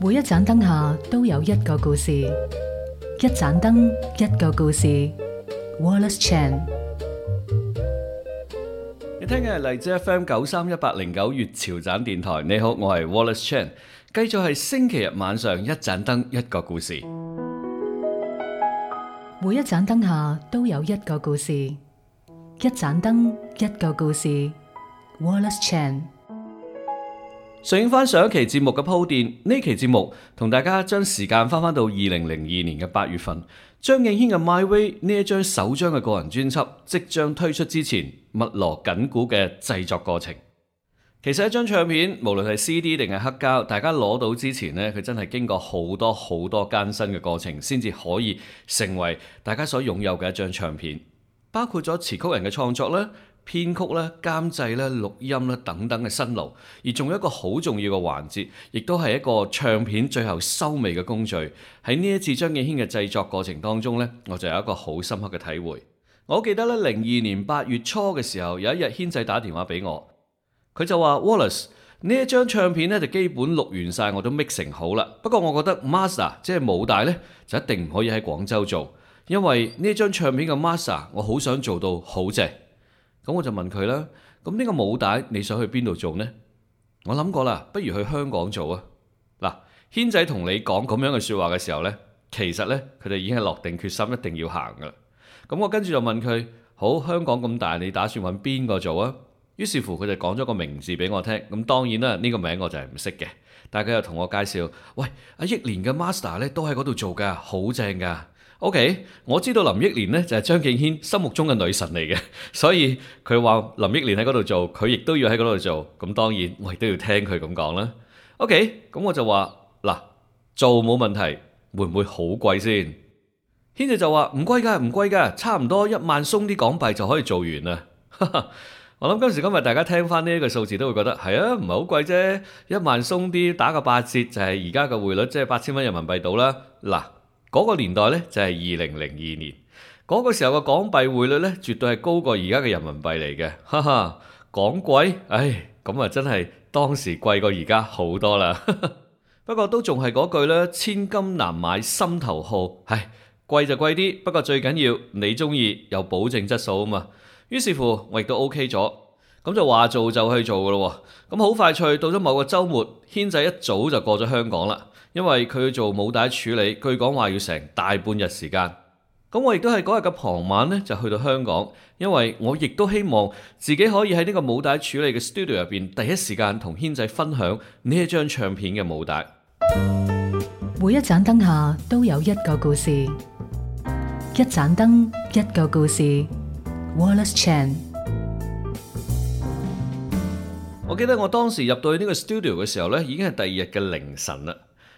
每一盞燈下都有一個故事，一盞燈一個故事。Wallace Chan，你聽嘅係嚟自 FM 九三一八零九粵潮盞電台，你好，我係 Wallace Chan，繼續係星期日晚上一盞燈一個故事。每一盞燈下都有一個故事，一盞燈一個故事。Wallace Chan。上映翻上一期節目嘅鋪墊，呢期節目同大家將時間翻返到二零零二年嘅八月份，張敬軒嘅《My Way》呢一張首張嘅個人專輯即將推出之前，密鑼緊鼓嘅製作過程。其實一張唱片，無論係 CD 定係黑膠，大家攞到之前呢，佢真係經過好多好多艱辛嘅過程，先至可以成為大家所擁有嘅一張唱片，包括咗詞曲人嘅創作啦。編曲咧、監製咧、錄音咧等等嘅新路，而仲有一個好重要嘅環節，亦都係一個唱片最後收尾嘅工序。喺呢一次張敬軒嘅製作過程當中呢，我就有一個好深刻嘅體會。我記得咧，零二年八月初嘅時候，有一日軒仔打電話俾我，佢就話：Wallace 呢一張唱片呢就基本錄完晒，我都 mixing 好啦。不過我覺得 master 即係母帶呢，就一定唔可以喺廣州做，因為呢一張唱片嘅 master 我好想做到好正。咁我就問佢啦，咁呢個母帶你想去邊度做呢？我諗過啦，不如去香港做啊！嗱，軒仔同你講咁樣嘅説話嘅時候呢，其實呢，佢哋已經係落定決心一定要行噶。咁我跟住就問佢：好，香港咁大，你打算揾邊個做啊？於是乎佢就講咗個名字俾我聽。咁當然啦，呢個名我就係唔識嘅。但係佢又同我介紹：喂，阿益年嘅 master 呢，都喺嗰度做㗎，好正㗎。O K，我知道林憶蓮咧，就係張敬軒心目中嘅女神嚟嘅，所以佢話林憶蓮喺嗰度做，佢亦都要喺嗰度做。咁當然我亦都要聽佢咁講啦。O K，咁我就話嗱，做冇問題，會唔會好貴先？軒仔就話唔貴噶，唔貴噶，差唔多一萬鬆啲港幣就可以做完啦。我諗今時今日大家聽翻呢一個數字都會覺得係啊，唔係好貴啫，一萬鬆啲打個八折就係而家嘅匯率，即係八千蚊人民幣到啦。嗱。嗰個年代呢，就係二零零二年，嗰個時候嘅港幣匯率呢，絕對係高過而家嘅人民幣嚟嘅，哈哈，港貴，唉，咁啊真係當時貴過而家好多啦， 不過都仲係嗰句啦：「千金難買心頭好」，唉，貴就貴啲，不過最緊要你鍾意，有保證質素啊嘛，於是乎我亦都 OK 咗。咁就話做就去做嘅咯喎！咁好快脆到咗某個週末，軒仔一早就過咗香港啦，因為佢要做母帶處理，據講話要成大半日時間。咁我亦都係嗰日嘅傍晚呢，就去到香港，因為我亦都希望自己可以喺呢個母帶處理嘅 studio 入邊，第一時間同軒仔分享呢一張唱片嘅母帶。每一盞燈下都有一個故事，一盞燈一個故事。Wallace Chan。我記得我當時入到去呢個 studio 嘅時候呢，已經係第二日嘅凌晨啦。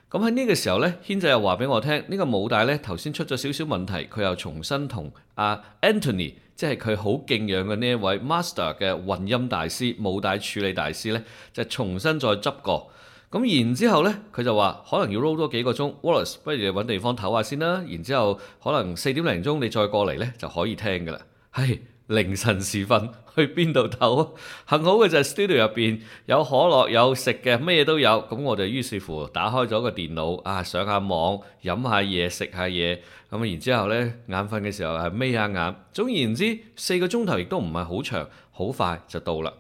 咁喺呢個時候軒告訴、這個、呢，軒仔又話俾我聽，呢個母帶呢頭先出咗少少問題，佢又重新同、uh, Anthony，即係佢好敬仰嘅呢一位 master 嘅混音大師、母帶處理大師呢，就重新再執過。咁然之後呢，佢就話可能要 roll 多幾個鐘。Wallace 不如你揾地方唞下先啦。然之後可能四點零鐘你再過嚟呢，就可以聽嘅啦。係。凌晨時分去邊度唞啊？幸好嘅就係 studio 入邊有可樂，有食嘅，乜嘢都有。咁我哋於是乎打開咗個電腦啊，上下網，飲下嘢食下嘢咁。然之後呢，眼瞓嘅時候係眯下眼。總言之，四個鐘頭亦都唔係好長，好快就到啦。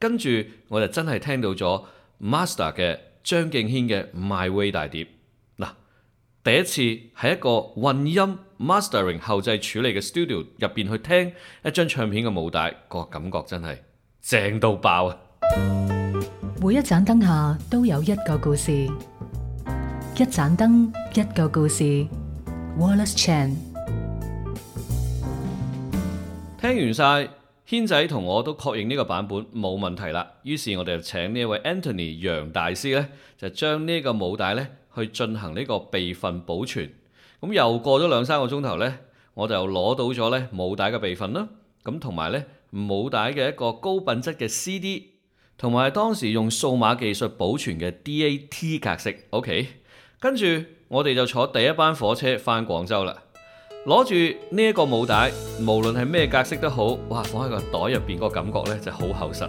跟住我就真係聽到咗 Master 嘅張敬軒嘅《My Way》大碟。第一次喺一個混音 mastering 後製處理嘅 studio 入邊去聽一張唱片嘅母帶，個感覺真係正到爆啊！每一盞燈下都有一個故事，一盞燈一個故事。Wallace Chan，聽完晒，軒仔同我都確認呢個版本冇問題啦，於是我哋就請呢一位 Anthony 楊大師呢，就將呢個母帶呢。去進行呢個備份保存，咁又過咗兩三個鐘頭呢，我就攞到咗呢母帶嘅備份啦，咁同埋呢母帶嘅一個高品質嘅 CD，同埋當時用數碼技術保存嘅 DAT 格式，OK，跟住我哋就坐第一班火車翻廣州啦，攞住呢一個母帶，無論係咩格式都好，哇，放喺個袋入邊嗰感覺呢就好厚實，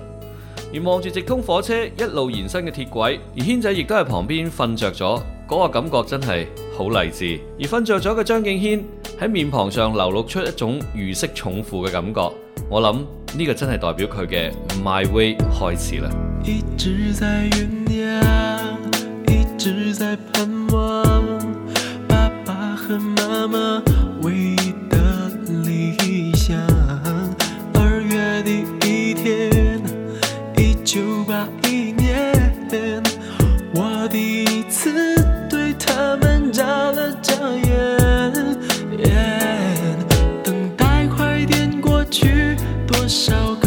而望住直通火車一路延伸嘅鐵軌，而軒仔亦都喺旁邊瞓着咗。嗰個感覺真係好勵志，而瞓着咗嘅張敬軒喺面龐上流露出一種如釋重負嘅感覺，我諗呢個真係代表佢嘅 My Way 開始啦。一直在眨了眨眼，等待快點過去，多少個？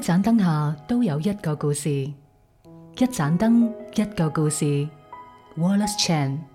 一盞燈下都有一個故事，一盞燈一個故事。Wallace Chan。